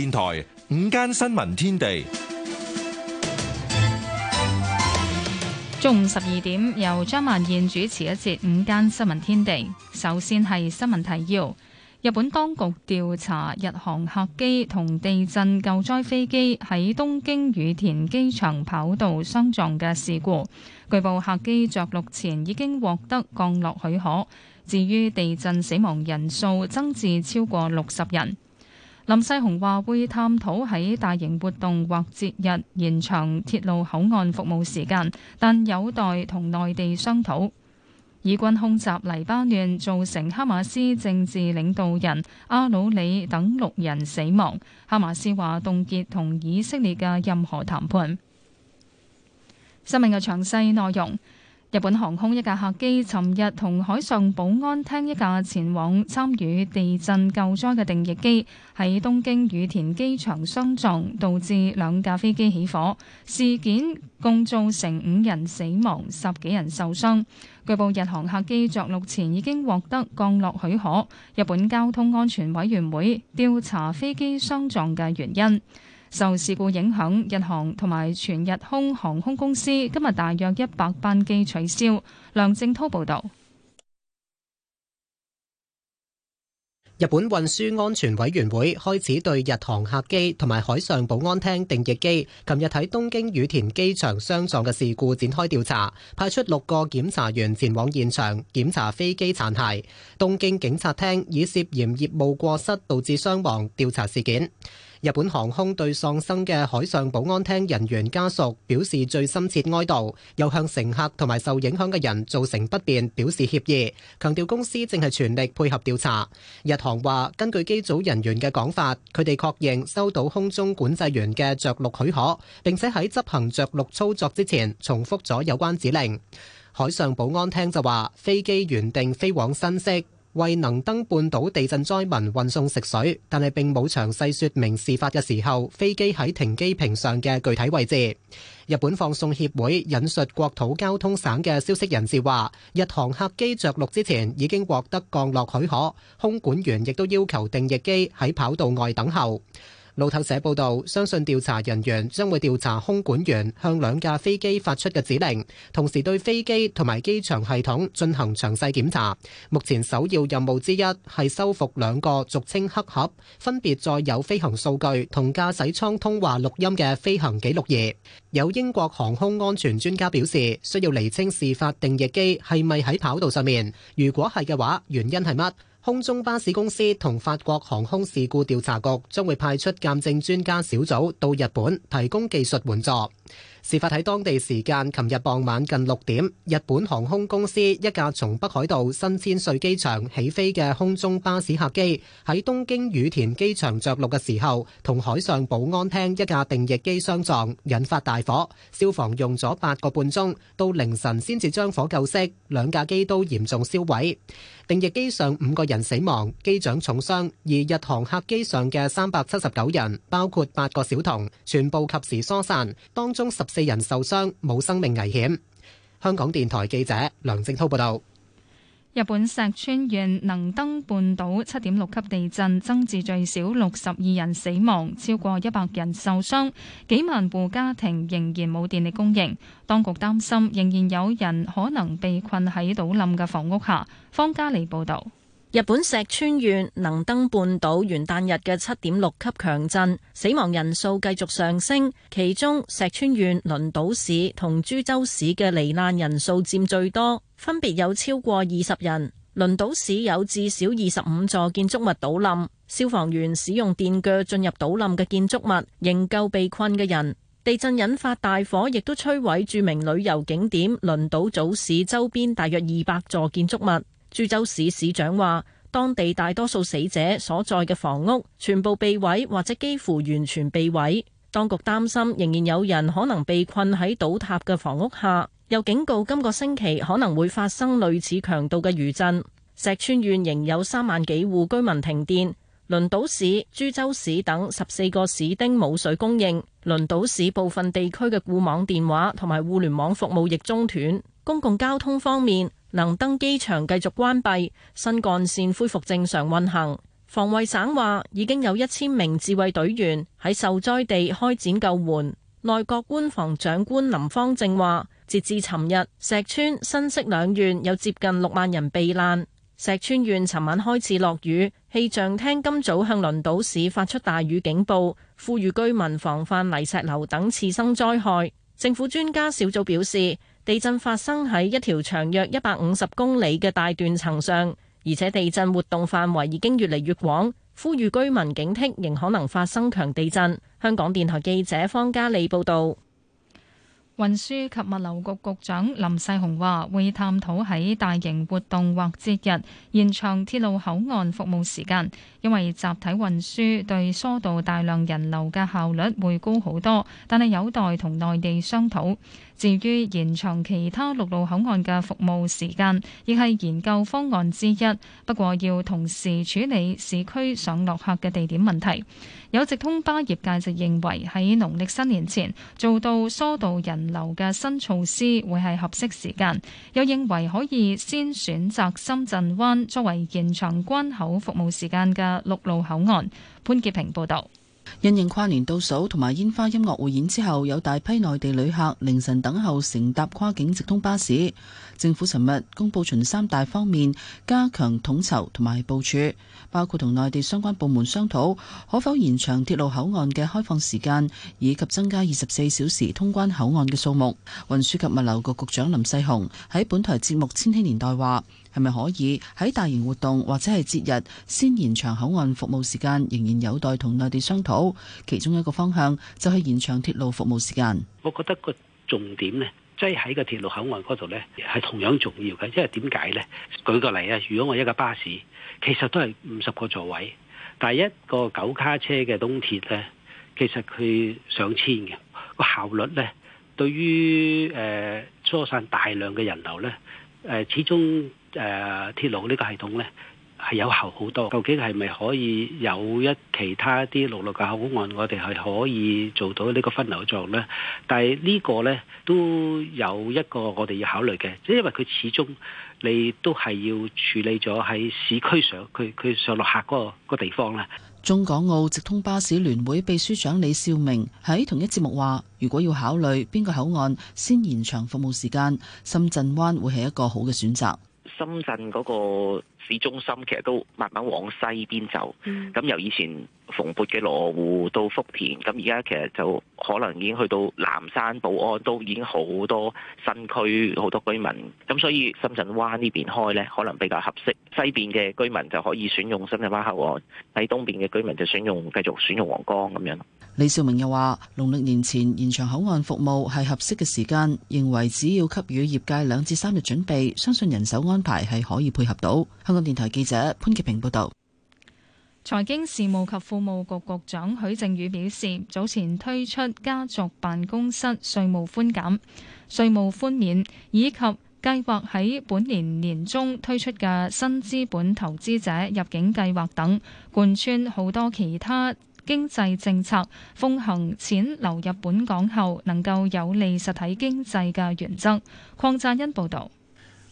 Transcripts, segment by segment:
電台午間新聞天地，中午十二點由張曼燕主持一節午間新聞天地。首先係新聞提要：日本當局調查日航客機同地震救災飛機喺東京羽田機場跑道相撞嘅事故。據報客機着陸前已經獲得降落許可。至於地震死亡人數增至超過六十人。林世雄話會探討喺大型活動或節日延長鐵路口岸服務時間，但有待同內地商討。以軍空襲黎巴嫩，造成哈馬斯政治領導人阿魯里等六人死亡。哈馬斯話凍結同以色列嘅任何談判。新聞嘅詳細內容。日本航空一架客機尋日同海上保安廳一架前往參與地震救災嘅定翼機喺東京羽田機場相撞，導致兩架飛機起火。事件共造成五人死亡、十幾人受傷。據報日航客機着陸前已經獲得降落許可。日本交通安全委員會調查飛機相撞嘅原因。受事故影響，日航同埋全日空航空公司今日大約一百班機取消。梁正濤報道。日本運輸安全委員會開始對日航客機同埋海上保安廳定翼機琴日喺東京羽田機場相撞嘅事故展開調查，派出六個檢查員前往現場檢查飛機殘骸。東京警察廳以涉嫌業務過失導致傷亡調查事件。日本航空對喪生嘅海上保安廳人員家屬表示最深切哀悼，又向乘客同埋受影響嘅人造成不便表示歉意，強調公司正係全力配合調查。日航話，根據機組人員嘅講法，佢哋確認收到空中管制員嘅着陸許可，並且喺執行着陸操作之前重複咗有關指令。海上保安廳就話，飛機原定飛往新潟，為能登半島地震災民運送食水，但係並冇詳細說明事發嘅時候飛機喺停機坪上嘅具體位置。日本放送協會引述國土交通省嘅消息人士話，日航客機着陸之前已經獲得降落許可，空管員亦都要求定翼機喺跑道外等候。路透社報道，相信調查人員將會調查空管員向兩架飛機發出嘅指令，同時對飛機同埋機場系統進行詳細檢查。目前首要任務之一係修復兩個俗稱黑盒，分別載有飛行數據同駕駛艙通話錄音嘅飛行記錄儀。有英國航空安全專家表示，需要厘清事發定翼機係咪喺跑道上面？如果係嘅話，原因係乜？空中巴士公司同法國航空事故調查局將會派出鑑證專家小組到日本提供技術援助。事發喺當地時間琴日傍晚近六點，日本航空公司一架從北海道新千歲機場起飛嘅空中巴士客機喺東京羽田機場着陸嘅時候，同海上保安廳一架定翼機相撞，引發大火。消防用咗八個半鐘到凌晨先至將火救熄，兩架機都嚴重燒毀。定翼機上五個人死亡，機長重傷，而日航客機上嘅三百七十九人，包括八個小童，全部及時疏散，當中。中十四人受傷，冇生命危險。香港電台記者梁正濤報道。日本石川縣能登半島七點六級地震增至最少六十二人死亡，超過一百人受傷，幾萬戶家庭仍然冇電力供應，當局擔心仍然有人可能被困喺倒冧嘅房屋下。方嘉莉報道。日本石川縣能登半島元旦日嘅七點六級強震，死亡人數繼續上升，其中石川縣輪島市同珠洲市嘅罹難人數佔最多，分別有超過二十人。輪島市有至少二十五座建築物倒冧，消防員使用電鋸進入倒冧嘅建築物，營救被困嘅人。地震引發大火，亦都摧毀著名旅遊景點輪島朝市周邊大約二百座建築物。珠洲市市長話，當地大多數死者所在嘅房屋全部被毀或者幾乎完全被毀。當局擔心仍然有人可能被困喺倒塌嘅房屋下，又警告今個星期可能會發生類似強度嘅餘震。石川縣仍有三萬幾戶居民停電，輪島市、珠洲市等十四個市町冇水供應。輪島市部分地區嘅固網電話同埋互聯網服務亦中斷。公共交通方面。能登機場繼續關閉，新幹線恢復正常運行。防衛省話已經有一千名自衛隊員喺受災地開展救援。內閣官房長官林芳正話：截至尋日，石川、新潟兩縣有接近六萬人避難。石川縣尋晚開始落雨，氣象廳今早向輪島市發出大雨警報，呼籲居民防範泥石流等次生災害。政府專家小組表示。地震發生喺一條長約一百五十公里嘅大斷層上，而且地震活動範圍已經越嚟越廣，呼籲居民警惕，仍可能發生強地震。香港電台記者方嘉莉報導。運輸及物流局局長林世雄話：會探討喺大型活動或節日延長鐵路口岸服務時間，因為集體運輸對疏導大量人流嘅效率會高好多，但係有待同內地商討。至於延長其他陸路口岸嘅服務時間，亦係研究方案之一，不過要同時處理市區上落客嘅地點問題。有直通巴業界就認為喺農曆新年前做到疏導人流嘅新措施會係合適時間，又認為可以先選擇深圳灣作為延長關口服務時間嘅陸路口岸。潘潔平報導。因應跨年倒數同埋煙花音樂匯演之後，有大批內地旅客凌晨等候乘搭跨境直通巴士。政府尋日公佈從三大方面加強統籌同埋部署，包括同內地相關部門商討可否延長鐵路口岸嘅開放時間，以及增加二十四小時通關口岸嘅數目。運輸及物流局局局長林世雄喺本台節目《千禧年代》話。係咪可以喺大型活動或者係節日先延長口岸服務時間，仍然有待同內地商討。其中一個方向就係延長鐵路服務時間。我覺得個重點呢，即係喺個鐵路口岸嗰度呢，係同樣重要嘅。因為點解呢？舉個例啊，如果我一架巴士，其實都係五十個座位，但係一個九卡車嘅東鐵呢，其實佢上千嘅個效率呢，對於誒，疏散大量嘅人流呢，誒始終。誒鐵路呢個系統呢係有效好多，究竟係咪可以有一其他啲陸路嘅口岸，我哋係可以做到呢個分流作用呢？但係呢個呢，都有一個我哋要考慮嘅，即係因為佢始終你都係要處理咗喺市區上佢佢上落客嗰個地方啦。中港澳直通巴士聯會秘書長李兆明喺同一節目話：如果要考慮邊個口岸先延長服務時間，深圳灣會係一個好嘅選擇。深圳嗰個。市中心其實都慢慢往西邊走，咁、嗯、由以前蓬勃嘅羅湖到福田，咁而家其實就可能已經去到南山、寶安，都已經好多新區，好多居民，咁所以深圳灣呢邊開咧，可能比較合適。西邊嘅居民就可以選用深圳灣口岸，喺東邊嘅居民就選用繼續選用皇崗，咁樣。李少明又話農曆年前延長口岸服務係合適嘅時間，認為只要給予業界兩至三日準備，相信人手安排係可以配合到。香港電台記者潘潔平報道，財經事務及庫務局局長許正宇表示，早前推出家族辦公室稅務寬減、稅務寬免，以及計劃喺本年年中推出嘅新資本投資者入境計劃等，貫穿好多其他經濟政策，奉行錢流入本港後能夠有利實體經濟嘅原則。鄺贊恩報道。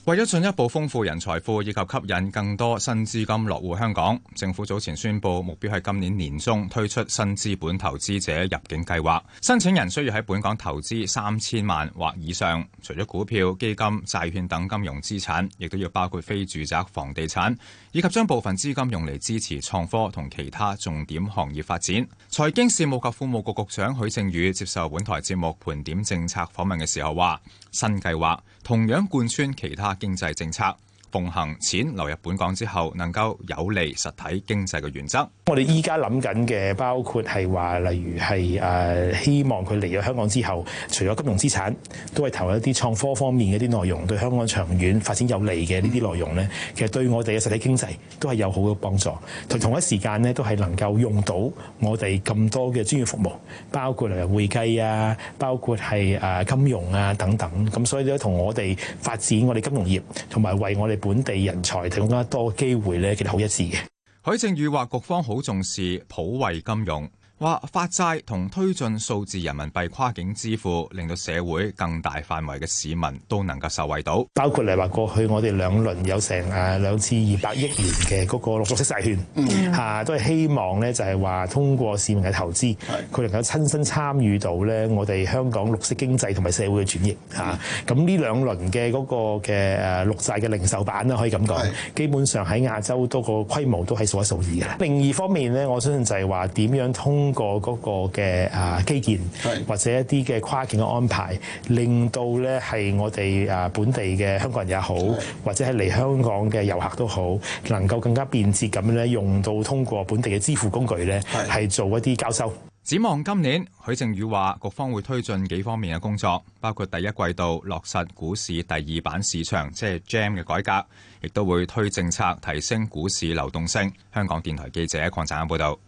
為咗進一步豐富人財富以及吸引更多新資金落戶香港，政府早前宣布目標係今年年中推出新資本投資者入境計劃。申請人需要喺本港投資三千萬或以上，除咗股票、基金、債券等金融資產，亦都要包括非住宅房地產，以及將部分資金用嚟支持創科同其他重點行業發展。財經事務及庫務局,局局長許正宇接受本台節目《盤點政策》訪問嘅時候話。新計劃同樣貫穿其他經濟政策。奉行錢流入本港之後能夠有利實體經濟嘅原則， 我哋依家諗緊嘅包括係話例如係誒、啊、希望佢嚟咗香港之後除咗金融資產都係投入一啲創科方面嘅啲內容，對香港長遠發展有利嘅呢啲內容咧，其實對我哋嘅實體經濟都係有好嘅幫助，同同一時間咧都係能夠用到我哋咁多嘅專業服務，包括嚟嘅會計啊，包括係誒、啊、金融啊等等，咁所以咧同我哋發展我哋金融業同埋為我哋，本地人才提供加多機會咧，其實好一致嘅。許正宇話，局方好重視普惠金融。話發債同推進數字人民幣跨境支付，令到社會更大範圍嘅市民都能夠受惠到。包括你話過去我哋兩輪有成誒兩次二百億元嘅嗰個綠色債券，吓、啊、都係希望咧就係、是、話通過市民嘅投資，佢能夠親身參與到咧我哋香港綠色經濟同埋社會嘅轉型。吓咁呢兩輪嘅嗰個嘅誒綠債嘅零售版咧可以咁講，基本上喺亞洲多個規模都係數一數二嘅。另一方面咧，我相信就係話點樣通。通過嗰個嘅啊基建，或者一啲嘅跨境嘅安排，令到咧係我哋啊本地嘅香港人也好，或者係嚟香港嘅遊客都好，能夠更加便捷咁樣，咧用到通過本地嘅支付工具咧，係做一啲交收。展望今年，許正宇話，局方會推進幾方面嘅工作，包括第一季度落實股市第二板市場，即係 GEM 嘅改革，亦都會推政策提升股市流動性。香港電台記者鄺贊恩報道。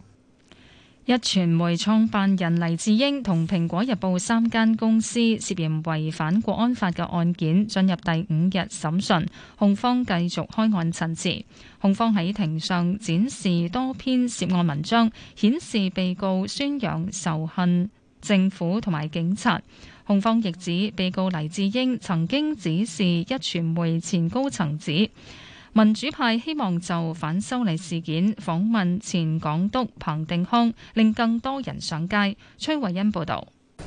一傳媒創辦人黎智英同蘋果日報三間公司涉嫌違反國安法嘅案件，進入第五日審訊，控方繼續開案陳詞。控方喺庭上展示多篇涉案文章，顯示被告宣揚仇，仇恨政府同埋警察。控方亦指被告黎智英曾經指示一傳媒前高層指。民主派希望就反修例事件訪問前港督彭定康，令更多人上街。崔慧欣報道。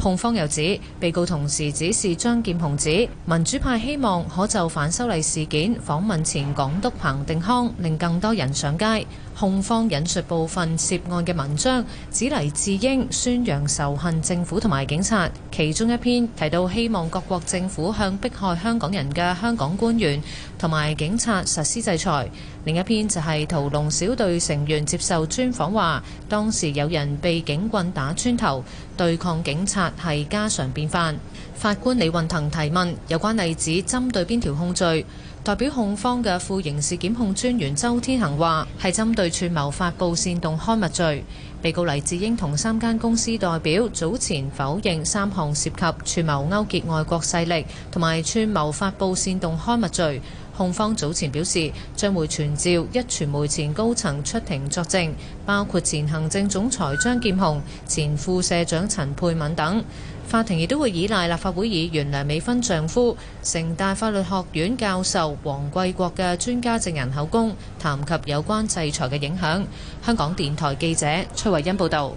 控方又指，被告同時指示張劍雄指民主派希望可就反修例事件訪問前港督彭定康，令更多人上街。控方引述部分涉案嘅文章，指黎智英宣揚仇恨政府同埋警察，其中一篇提到希望各國政府向迫害香港人嘅香港官員同埋警察實施制裁。另一篇就係屠龍小隊成員接受專訪話當時有人被警棍打穿頭。對抗警察係家常便飯。法官李運騰提問有關例子針對邊條控罪？代表控方嘅副刑事檢控專員周天恒話：係針對串謀發布煽動刊物罪。被告黎智英同三間公司代表早前否認三項涉及串謀勾結外國勢力同埋串謀發布煽動刊物罪。控方早前表示，將會傳召一傳媒前高層出庭作證，包括前行政總裁張劍虹、前副社長陳佩敏等。法庭亦都會依賴立法會議員梁美芬丈夫、城大法律學院教授王貴國嘅專家證人口供，談及有關制裁嘅影響。香港電台記者崔慧欣報道。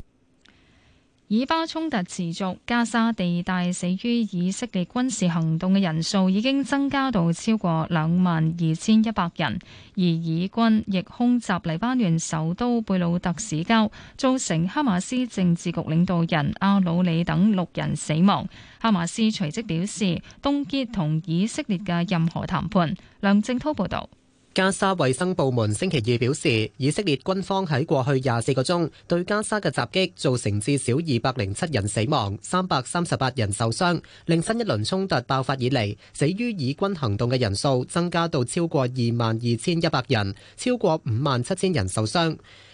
以巴衝突持續，加沙地帶死於以色列軍事行動嘅人數已經增加到超過兩萬二千一百人，而以軍亦空襲黎巴嫩首都貝魯特市郊，造成哈馬斯政治局領導人阿魯里等六人死亡。哈馬斯隨即表示，凍結同以色列嘅任何談判。梁正滔報導。加沙衛生部門星期二表示，以色列軍方喺過去廿四個鐘對加沙嘅襲擊造成至少二百零七人死亡，三百三十八人受傷，令新一輪衝突爆發以嚟死於以軍行動嘅人數增加到超過二萬二千一百人，超過五萬七千人受傷。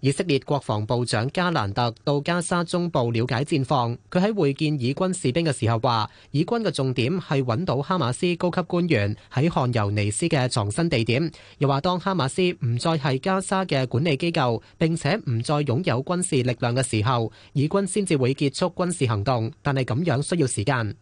以色列國防部長加蘭特到加沙中部了解戰況。佢喺會見以軍士兵嘅時候話，以軍嘅重點係揾到哈馬斯高級官員喺汗尤尼斯嘅藏身地點。又話當哈馬斯唔再係加沙嘅管理機構，並且唔再擁有軍事力量嘅時候，以軍先至會結束軍事行動。但係咁樣需要時間。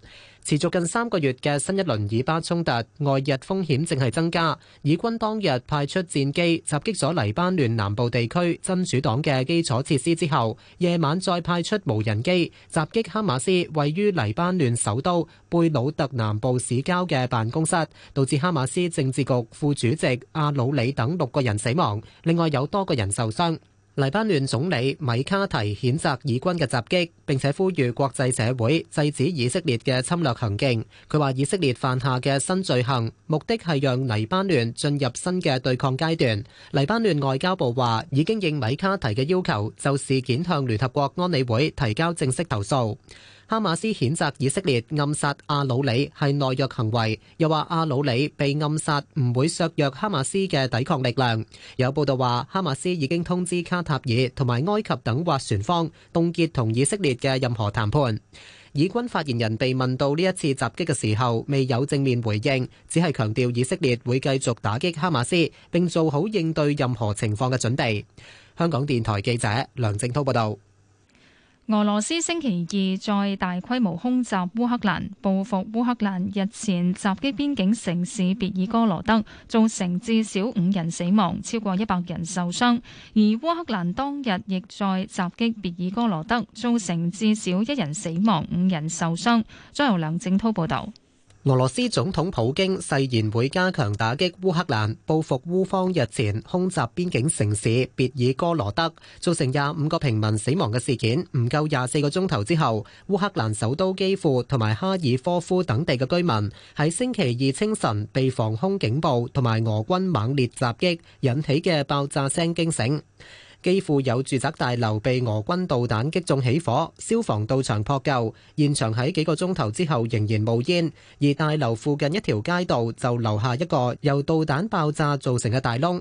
持續近三個月嘅新一輪以巴衝突，外溢風險正係增加。以軍當日派出戰機襲擊咗黎巴嫩南部地區真主黨嘅基礎設施之後，夜晚再派出無人機襲擊哈馬斯位於黎巴嫩首都貝魯特南部市郊嘅辦公室，導致哈馬斯政治局副主席阿魯里等六個人死亡，另外有多個人受傷。黎巴嫩總理米卡提譴責以軍嘅襲擊，並且呼籲國際社會制止以色列嘅侵略行徑。佢話，以色列犯下嘅新罪行，目的係讓黎巴嫩進入新嘅對抗階段。黎巴嫩外交部話已經應米卡提嘅要求，就事件向聯合國安理會提交正式投訴。哈馬斯譴責以色列暗殺阿魯里係懦弱行為，又話阿魯里被暗殺唔會削弱哈馬斯嘅抵抗力量。有報道話，哈馬斯已經通知卡塔爾同埋埃及等斡旋方，凍結同以色列嘅任何談判。以軍發言人被問到呢一次襲擊嘅時候，未有正面回應，只係強調以色列會繼續打擊哈馬斯，並做好應對任何情況嘅準備。香港電台記者梁正滔報道。俄羅斯星期二再大規模空襲烏克蘭，報復烏克蘭日前襲擊邊境城市別爾哥羅德，造成至少五人死亡，超過一百人受傷。而烏克蘭當日亦在襲擊別爾哥羅德，造成至少一人死亡，五人受傷。將由梁正濤報道。俄羅斯總統普京誓言會加強打擊烏克蘭，報復烏方日前空襲邊境城市別爾哥羅德，造成廿五個平民死亡嘅事件。唔夠廿四個鐘頭之後，烏克蘭首都基輔同埋哈爾科夫等地嘅居民喺星期二清晨被防空警報同埋俄軍猛烈襲擊引起嘅爆炸聲驚醒。幾乎有住宅大樓被俄軍導彈擊中起火，消防到場撲救，現場喺幾個鐘頭之後仍然冒煙，而大樓附近一條街道就留下一個由導彈爆炸造成嘅大窿。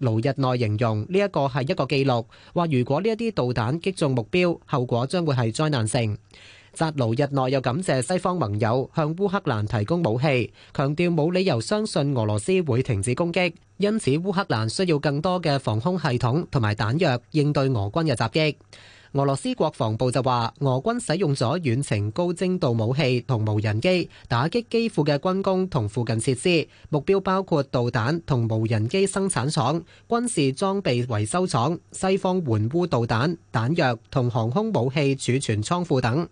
盧日內形容，呢一個係一個記錄，話如果呢一啲導彈擊中目標，後果將會係災難性。扎盧日內又感謝西方盟友向烏克蘭提供武器，強調冇理由相信俄羅斯會停止攻擊，因此烏克蘭需要更多嘅防空系統同埋彈藥，應對俄軍嘅襲擊。俄羅斯國防部就話，俄軍使用咗遠程高精度武器同無人機，打擊機庫嘅軍工同附近設施，目標包括導彈同無人機生產廠、軍事裝備維修廠、西方援烏導彈、彈藥同航空武器儲存倉庫等。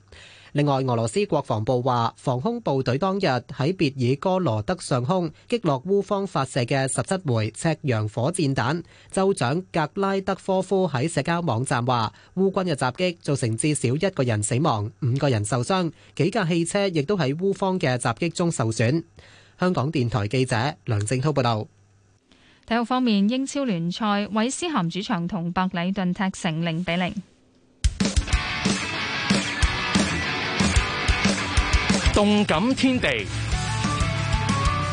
另外，俄羅斯國防部話，防空部隊當日喺別爾哥羅德上空擊落烏方發射嘅十七枚赤楊火箭彈。州長格拉德科夫喺社交網站話，烏軍嘅襲擊造成至少一個人死亡，五個人受傷，幾架汽車亦都喺烏方嘅襲擊中受損。香港電台記者梁正滔報道。體育方面，英超聯賽韋斯咸主場同白禮頓踢成零比零。動感天地，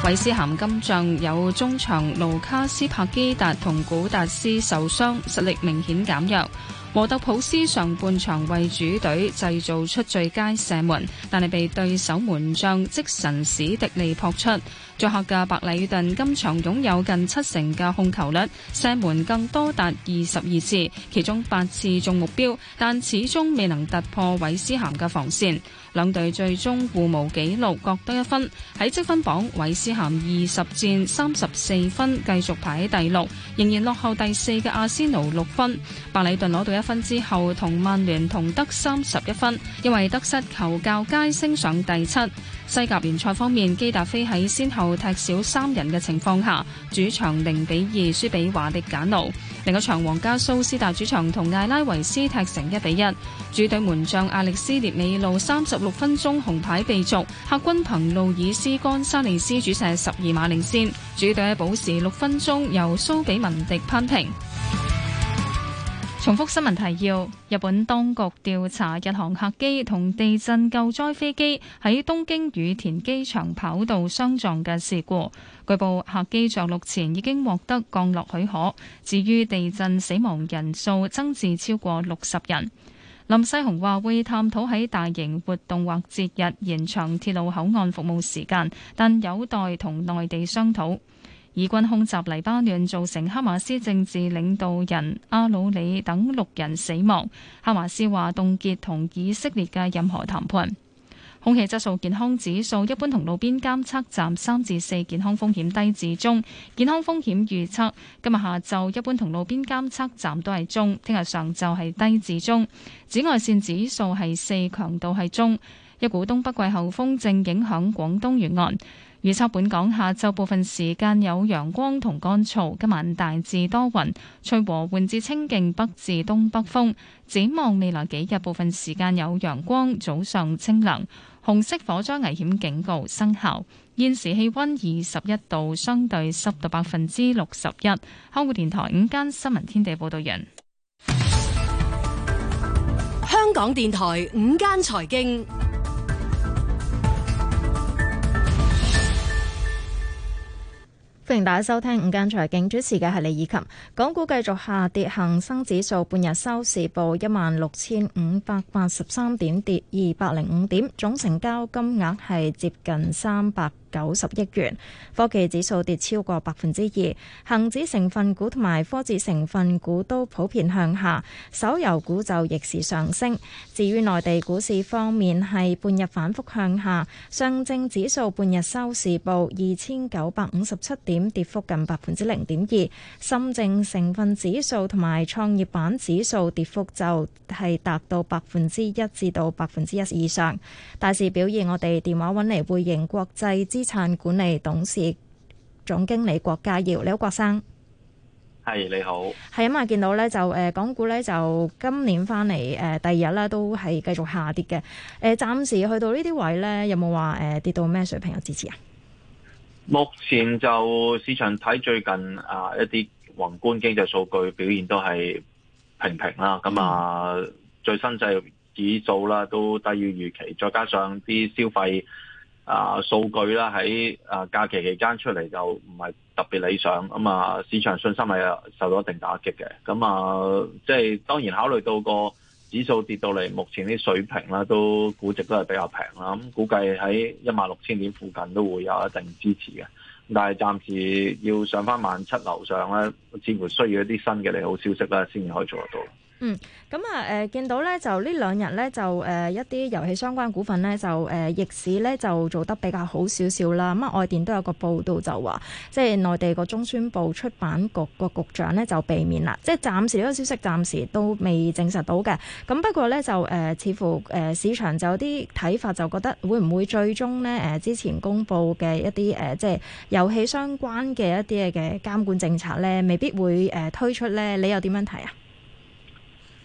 韋斯咸今仗有中場盧卡斯·帕基達同古達斯受傷，實力明顯減弱。摩特普斯上半場為主隊製造出最佳射門，但係被對手門將即神史迪利撲出。作客嘅白禮頓今場擁有近七成嘅控球率，射門更多達二十二次，其中八次中目標，但始終未能突破韋斯咸嘅防線。兩隊最終互無紀錄，各得一分。喺積分榜，韋斯咸二十戰三十四分，繼續排喺第六，仍然落後第四嘅阿仙奴六分。白禮頓攞到一分之後，同曼聯同得三十一分，因為得失球較佳，升上第七。西甲聯賽方面，基達菲喺先後踢少三人嘅情況下，主場零比二輸俾華迪簡奴。另一場皇家蘇斯達主場同艾拉維斯踢成一比一。主隊門將阿力斯列美路三十六分鐘紅牌被逐，客軍憑路爾斯干沙尼斯主射十二碼領先。主隊喺補時六分鐘由蘇比文迪扳平。重複新聞提要，日本當局調查日航客機同地震救災飛機喺東京羽田機場跑道相撞嘅事故。據報客機着陸前已經獲得降落許可，至於地震死亡人數增至超過六十人。林世雄話會探討喺大型活動或節日延長鐵路口岸服務時間，但有待同內地商討。以軍空襲黎巴嫩造成哈馬斯政治領導人阿魯里等六人死亡。哈馬斯話凍結同以色列嘅任何談判。空氣質素健康指數一般同路邊監測站三至四，健康風險低至中。健康風險預測今日下晝一般同路邊監測站都係中，聽日上晝係低至中。紫外線指數係四，強度係中。一股東北季候風正影響廣東沿岸。預測本港下晝部分時間有陽光同乾燥，今晚大致多雲，吹和緩至清勁北至東北風。展望未來幾日部分時間有陽光，早上清涼。紅色火災危險警告生效。現時氣溫二十一度，相對濕度百分之六十一。香港電台午間新聞天地報道人。香港電台午間財經。歡迎大家收聽午間財經，主持嘅係李以琴。港股繼續下跌，恒生指數半日收市報一萬六千五百八十三點，跌二百零五點，總成交金額係接近三百。九十億元，科技指數跌超過百分之二，恒指成分股同埋科技成分股都普遍向下，手遊股就逆市上升。至於內地股市方面，係半日反覆向下，上證指數半日收市報二千九百五十七點，跌幅近百分之零點二；深證成分指數同埋創業板指數跌幅就係達到百分之一至到百分之一以上。大市表現，我哋電話揾嚟匯盈國際資。資產管理董事、總經理郭家耀，Hi, 你好，郭生。係你好。係啊，嘛，見到咧就，誒，港股咧就今年翻嚟，誒，第二日咧都係繼續下跌嘅。誒，暫時去到呢啲位咧，有冇話誒跌到咩水平有支持啊？目前就市場睇最近啊一啲宏觀經濟數據表現都係平平啦。咁啊、嗯，最新製指數啦都低於預期，再加上啲消費。啊，數據啦喺啊假期期間出嚟就唔係特別理想，咁啊市場信心係受到一定打擊嘅。咁啊，即係當然考慮到個指數跌到嚟目前啲水平啦，都估值都係比較平啦。咁估計喺一萬六千點附近都會有一定支持嘅。但係暫時要上翻萬七樓上咧，似乎需要一啲新嘅利好消息啦，先至可以做得到。嗯，咁啊，誒、呃，見到咧就呢兩日咧就誒、呃、一啲遊戲相關股份咧就誒、呃、逆市咧就做得比較好少少啦。咁啊，外電都有個報道就話，即係內地個中宣部出版局個局長咧就避免啦，即係暫時呢、這個消息暫時都未證實到嘅。咁不過咧就誒、呃，似乎誒、呃、市場就有啲睇法，就覺得會唔會最終呢？誒、呃、之前公布嘅一啲誒、呃、即係遊戲相關嘅一啲嘅監管政策咧，未必會誒、呃、推出咧？你又點樣睇啊？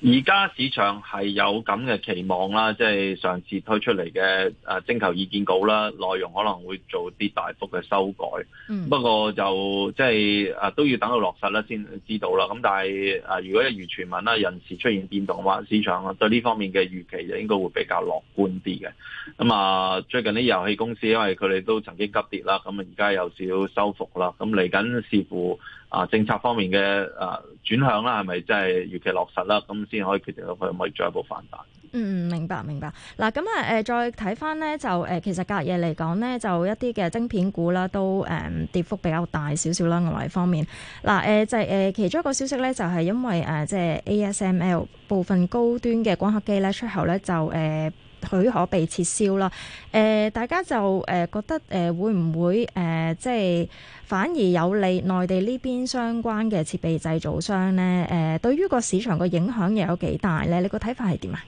而家市場係有咁嘅期望啦，即係上次推出嚟嘅誒徵求意見稿啦，內容可能會做啲大幅嘅修改。嗯，不過就即係誒都要等到落實啦先知道啦。咁但係誒如果一如傳聞啦，人事出現變動嘅話，市場啊對呢方面嘅預期就應該會比較樂觀啲嘅。咁啊，最近啲遊戲公司因為佢哋都曾經急跌啦，咁啊而家有少少收復啦，咁嚟緊視乎。啊，政策方面嘅啊轉向啦，係咪即係預期落實啦？咁先可以決定到佢可唔可以進一步反彈？嗯，明白明白。嗱，咁啊，誒、呃、再睇翻咧，就誒、呃、其實隔夜嚟講咧，就一啲嘅晶片股啦，都誒、呃、跌幅比較大少少啦。外圍方面，嗱、呃、誒就誒、呃、其中一個消息咧，就係、是、因為誒、呃、即係 ASML 部分高端嘅光刻機咧出口咧就誒、呃許可被撤銷啦，誒、呃、大家就誒覺得誒會唔會誒、呃、即係反而有利內地呢邊相關嘅設備製造商咧？誒、呃、對於個市場個影響又有幾大咧？你個睇法係點啊？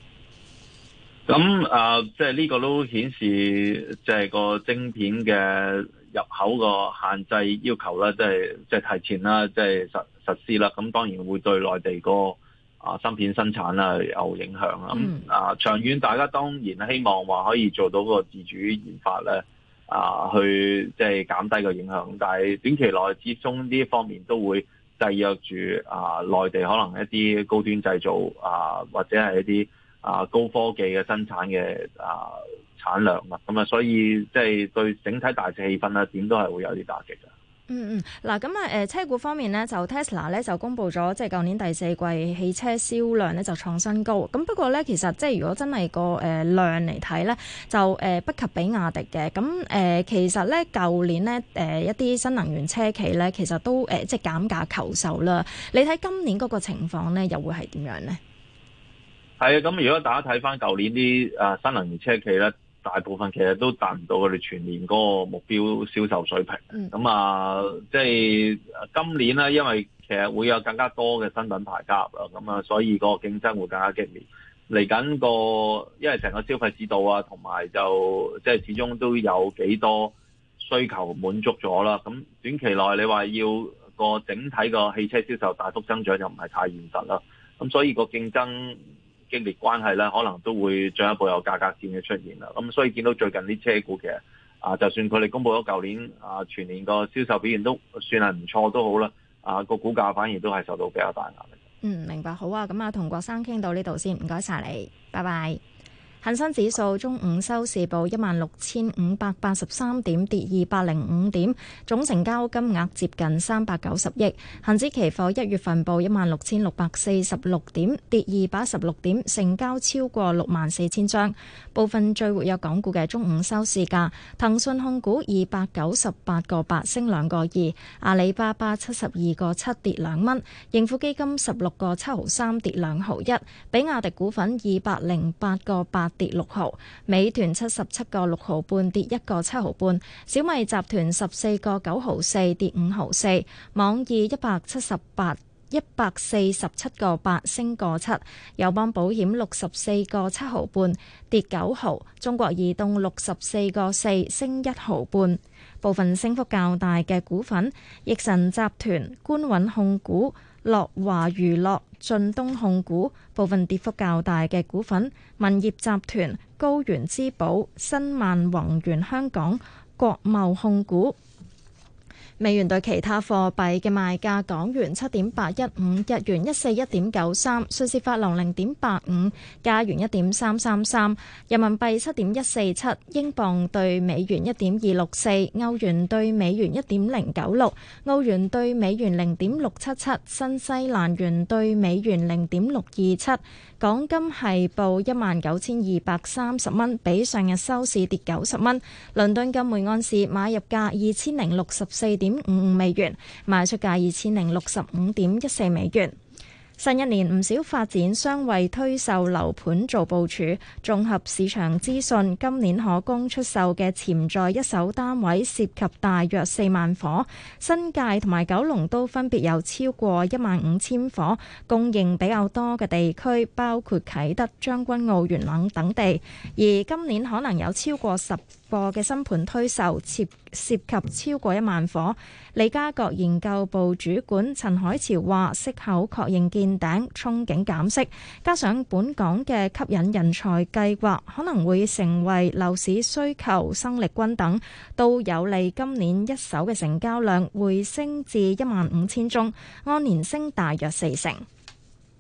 咁啊、嗯，即係呢個都顯示即係個晶片嘅入口個限制要求啦，即係即係提前啦，即、就、係、是、實實施啦。咁當然會對內地個。啊，芯片生產啦、啊、有影響啦，啊長遠大家當然希望話可以做到個自主研發咧，啊去即係減低個影響，但係短期內之中呢方面都會制約住啊，內地可能一啲高端製造啊，或者係一啲啊高科技嘅生產嘅啊產量啊，咁啊所以即係對整體大市氣氛咧，點都係會有啲打擊。嗯嗯，嗱咁啊，誒，車股方面咧，就 Tesla 咧就公布咗，即係舊年第四季汽車銷量咧就創新高。咁不過咧，其實即係如果真係個誒量嚟睇咧，就誒不及比亞迪嘅。咁誒、呃，其實咧舊年咧，誒、呃、一啲新能源車企咧，其實都誒即係減價求售啦。你睇今年嗰個情況咧，又會係點樣咧？係啊，咁如果大家睇返舊年啲誒新能源車企咧。大部分其實都達唔到佢哋全年嗰個目標銷售水平，嗯，咁啊，即係今年咧，因為其實會有更加多嘅新品牌加入啦，咁啊，所以個競爭會更加激烈。嚟緊個，因為成個消費指導啊，同埋就即係始終都有幾多需求滿足咗啦，咁短期內你話要個整體個汽車銷售大幅增長就唔係太現實啦，咁所以個競爭。激烈關係啦，可能都會進一步有價格戰嘅出現啦。咁所以見到最近啲車股其實啊，就算佢哋公布咗舊年啊全年個銷售表現都算係唔錯都好啦，啊個股價反而都係受到比較大壓力。嗯，明白，好啊。咁啊，同國生傾到呢度先，唔該晒你，拜拜。恒生指數中午收市報一萬六千五百八十三點，跌二百零五點，總成交金額接近三百九十億。恒指期貨一月份報一萬六千六百四十六點，跌二百十六點，成交超過六萬四千張。部分最活躍港股嘅中午收市價：騰訊控股二百九十八個八，升兩個二；阿里巴巴七十二個七，跌兩蚊；盈富基金十六個七毫三，跌兩毫一；比亞迪股份二百零八個八。跌六毫，美團七十七個六毫半，跌一個七毫半；小米集團十四個九毫四，跌五毫四；網易一百七十八一百四十七個八，升個七；友邦保險六十四個七毫半，跌九毫；中國移動六十四個四，升一毫半。部分升幅較大嘅股份：易神集團、官穎控股。樂華娛樂、駿東控股。部分跌幅較大嘅股份，民業集團、高原之寶、新萬宏源香港、國貿控股。美元兌其他貨幣嘅賣價：港元七點八一五，日元一四一點九三，瑞士法郎零點八五，加元一點三三三，人民幣七點一四七，英鎊對美元一點二六四，歐元對美元一點零九六，澳元對美元零點六七七，新西蘭元對美元零點六二七。港金係報一萬九千二百三十蚊，比上日收市跌九十蚊。倫敦金每安士買入價二千零六十四點五五美元，賣出價二千零六十五點一四美元。近一年唔少發展商為推售樓盤做部署，綜合市場資訊，今年可供出售嘅潛在一手單位涉及大約四萬伙。新界同埋九龍都分別有超過一萬五千伙，供應比較多嘅地區，包括啟德、將軍澳、元朗等地，而今年可能有超過十個嘅新盤推售涉涉及超過一萬夥，利嘉閣研究部主管陳海潮話：息口確認見頂，憧憬減息，加上本港嘅吸引人才計劃可能會成為樓市需求生力軍等，都有利今年一手嘅成交量回升至一萬五千宗，按年升大約四成。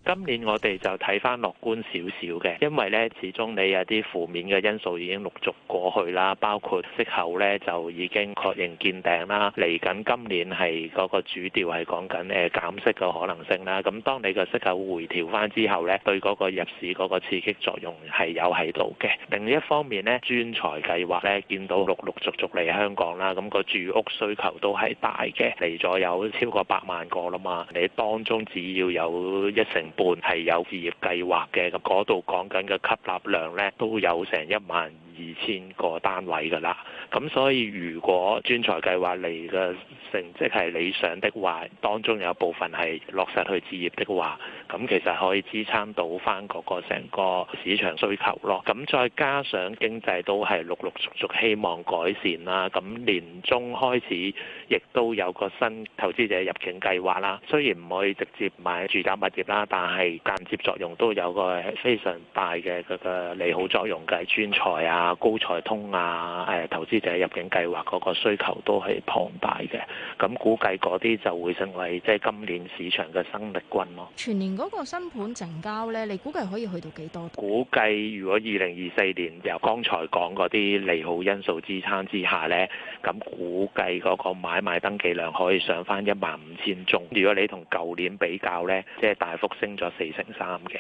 今年我哋就睇翻樂觀少少嘅，因為呢始終你有啲負面嘅因素已經陸續過去啦，包括息口呢就已經確認見頂啦。嚟緊今年係嗰個主調係講緊誒減息嘅可能性啦。咁當你個息口回調翻之後呢，對嗰個入市嗰個刺激作用係有喺度嘅。另一方面呢，專才計劃呢見到陸陸續續嚟香港啦，咁個住屋需求都係大嘅，嚟咗有超過百萬個啦嘛。你當中只要有一成半係有置業計劃嘅，咁嗰度講緊嘅吸納量咧都有成一萬 二千個單位㗎啦，咁所以如果專才計劃嚟嘅成績係理想的話，當中有部分係落實去置業的話，咁其實可以支撐到翻嗰個成個市場需求咯。咁再加上經濟都係陸陸續續希望改善啦，咁年中開始亦都有個新投資者入境計劃啦。雖然唔可以直接買住宅物業啦，但係間接作用都有個非常大嘅嗰個利好作用嘅係專才啊！啊，高才通啊，誒、啊，投資者入境計劃嗰個需求都係龐大嘅，咁估計嗰啲就會成為即係今年市場嘅生力軍咯、啊。全年嗰個新盤成交呢，你估計可以去到幾多？估計如果二零二四年由剛才講嗰啲利好因素支撐之下呢，咁估計嗰個買賣登記量可以上翻一萬五千宗。如果你同舊年比較呢，即、就、係、是、大幅升咗四成三嘅。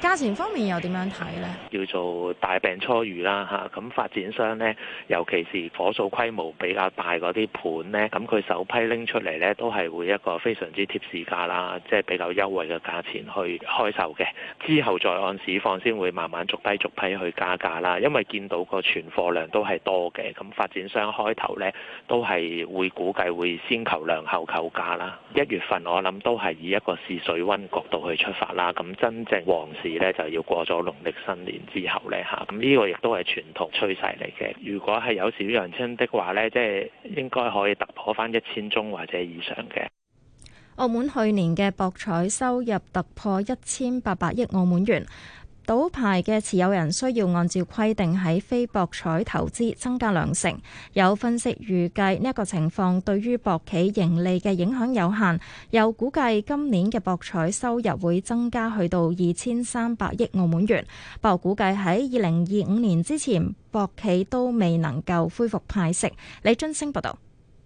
價錢方面又點樣睇呢？叫做大病初愈啦，嚇咁發展商咧，尤其是火數規模比較大嗰啲盤呢，咁佢首批拎出嚟呢，都係會一個非常之貼市價啦，即係比較優惠嘅價錢去開售嘅。之後再按市況先會慢慢逐批逐批去加價啦。因為見到個存貨量都係多嘅，咁發展商開頭呢，都係會估計會先求量後求價啦。一月份我諗都係以一個試水溫角度去出發啦。咁真正旺市咧就要過咗農曆新年之後呢，嚇，咁呢個亦都係傳統趨勢嚟嘅。如果係有小陽春的話呢，即係應該可以突破翻一千宗或者以上嘅。澳門去年嘅博彩收入突破一千八百億澳門元。賭牌嘅持有人需要按照規定喺非博彩投資增加兩成。有分析預計呢一個情況對於博企盈利嘅影響有限。又估計今年嘅博彩收入會增加去到二千三百億澳門元，不過估計喺二零二五年之前，博企都未能夠恢復派息。李津升報道。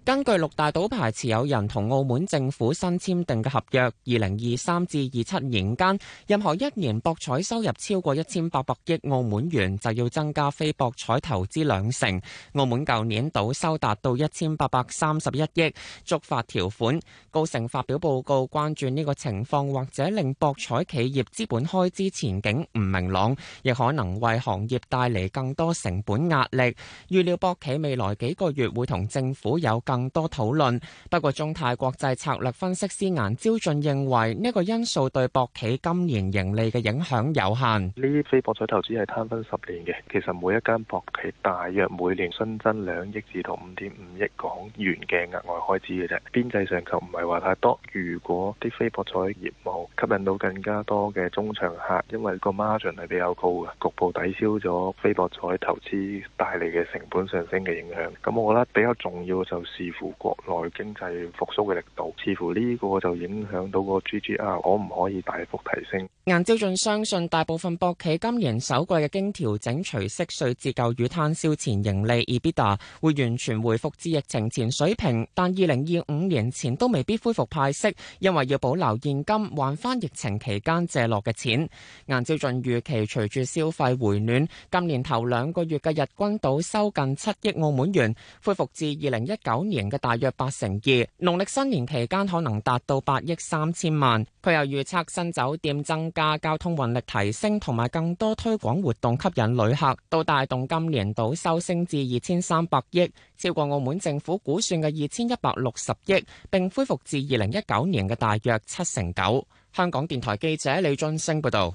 根據六大賭牌持有人同澳門政府新簽訂嘅合約，二零二三至二七年間，任何一年博彩收入超過一千八百億澳門元，就要增加非博彩投資兩成。澳門舊年賭收達到一千八百三十一億，觸發條款。高盛發表報告關注呢個情況，或者令博彩企業資本開支前景唔明朗，亦可能為行業帶嚟更多成本壓力。預料博企未來幾個月會同政府有更多討論。不過中泰國際策略分析師顏朝俊認為，呢、這個因素對博企今年盈利嘅影響有限。呢啲非博彩投資係攤分十年嘅，其實每一間博企大約每年新增兩億至到五點五億港元嘅額外開支嘅啫，邊際上就唔係話太多。如果啲非博彩業務吸引到更加多嘅中場客，因為個 margin 係比較高嘅，局部抵消咗非博彩投資帶嚟嘅成本上升嘅影響。咁我覺得比較重要就係。似乎國內經濟復甦嘅力度，似乎呢個就影響到個 GGR 可唔可以大幅提升。顏照俊相信大部分博企今年首季嘅經調整除息稅折舊與攤銷前盈利 （EBITDA） 會完全回復至疫情前水平，但二零二五年前都未必恢復派息，因為要保留現金還翻疫情期間借落嘅錢。顏照俊預期隨住消費回暖，今年頭兩個月嘅日均賭收近七億澳門元，恢復至二零一九年。年嘅大約八成二，農曆新年期間可能達到八億三千萬。佢又預測新酒店增加，交通運力提升同埋更多推廣活動吸引旅客，都帶動今年度收升至二千三百億，超過澳門政府估算嘅二千一百六十億，並恢復至二零一九年嘅大約七成九。香港電台記者李俊升報道。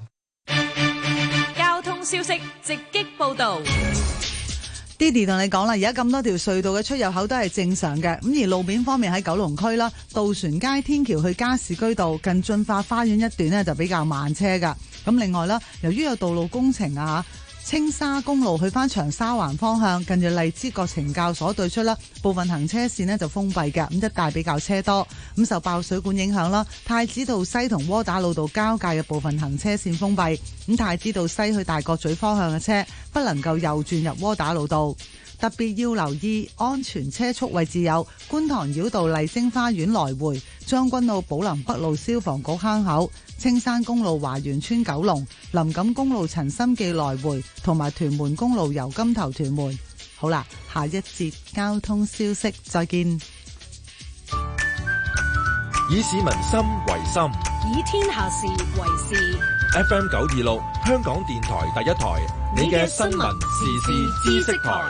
交通消息直擊報道。Didi 同你講啦，而家咁多條隧道嘅出入口都係正常嘅，咁而路面方面喺九龍區啦，渡船街天橋去加士居道近駿發花園一段呢，就比較慢車噶，咁另外啦，由於有道路工程啊青沙公路去翻長沙灣方向，近日荔枝角懲教所對出啦，部分行車綫呢就封閉嘅，咁一帶比較車多。咁受爆水管影響啦，太子道西同窩打老道交界嘅部分行車綫封閉，咁太子道西去大角咀方向嘅車不能夠右轉入窩打老道。特別要留意安全車速位置，有觀塘繞道麗晶花園來回、將軍澳寶林北路消防局、坑口青山公路華源村、九龍林錦公路陳心記來回，同埋屯門公路由金頭屯門。好啦，下一節交通消息，再見。以市民心為心，以天下事為事。FM 九二六，香港電台第一台，你嘅新聞時事知識台。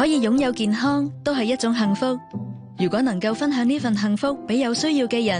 可以擁有健康都係一種幸福。如果能夠分享呢份幸福俾有需要嘅人。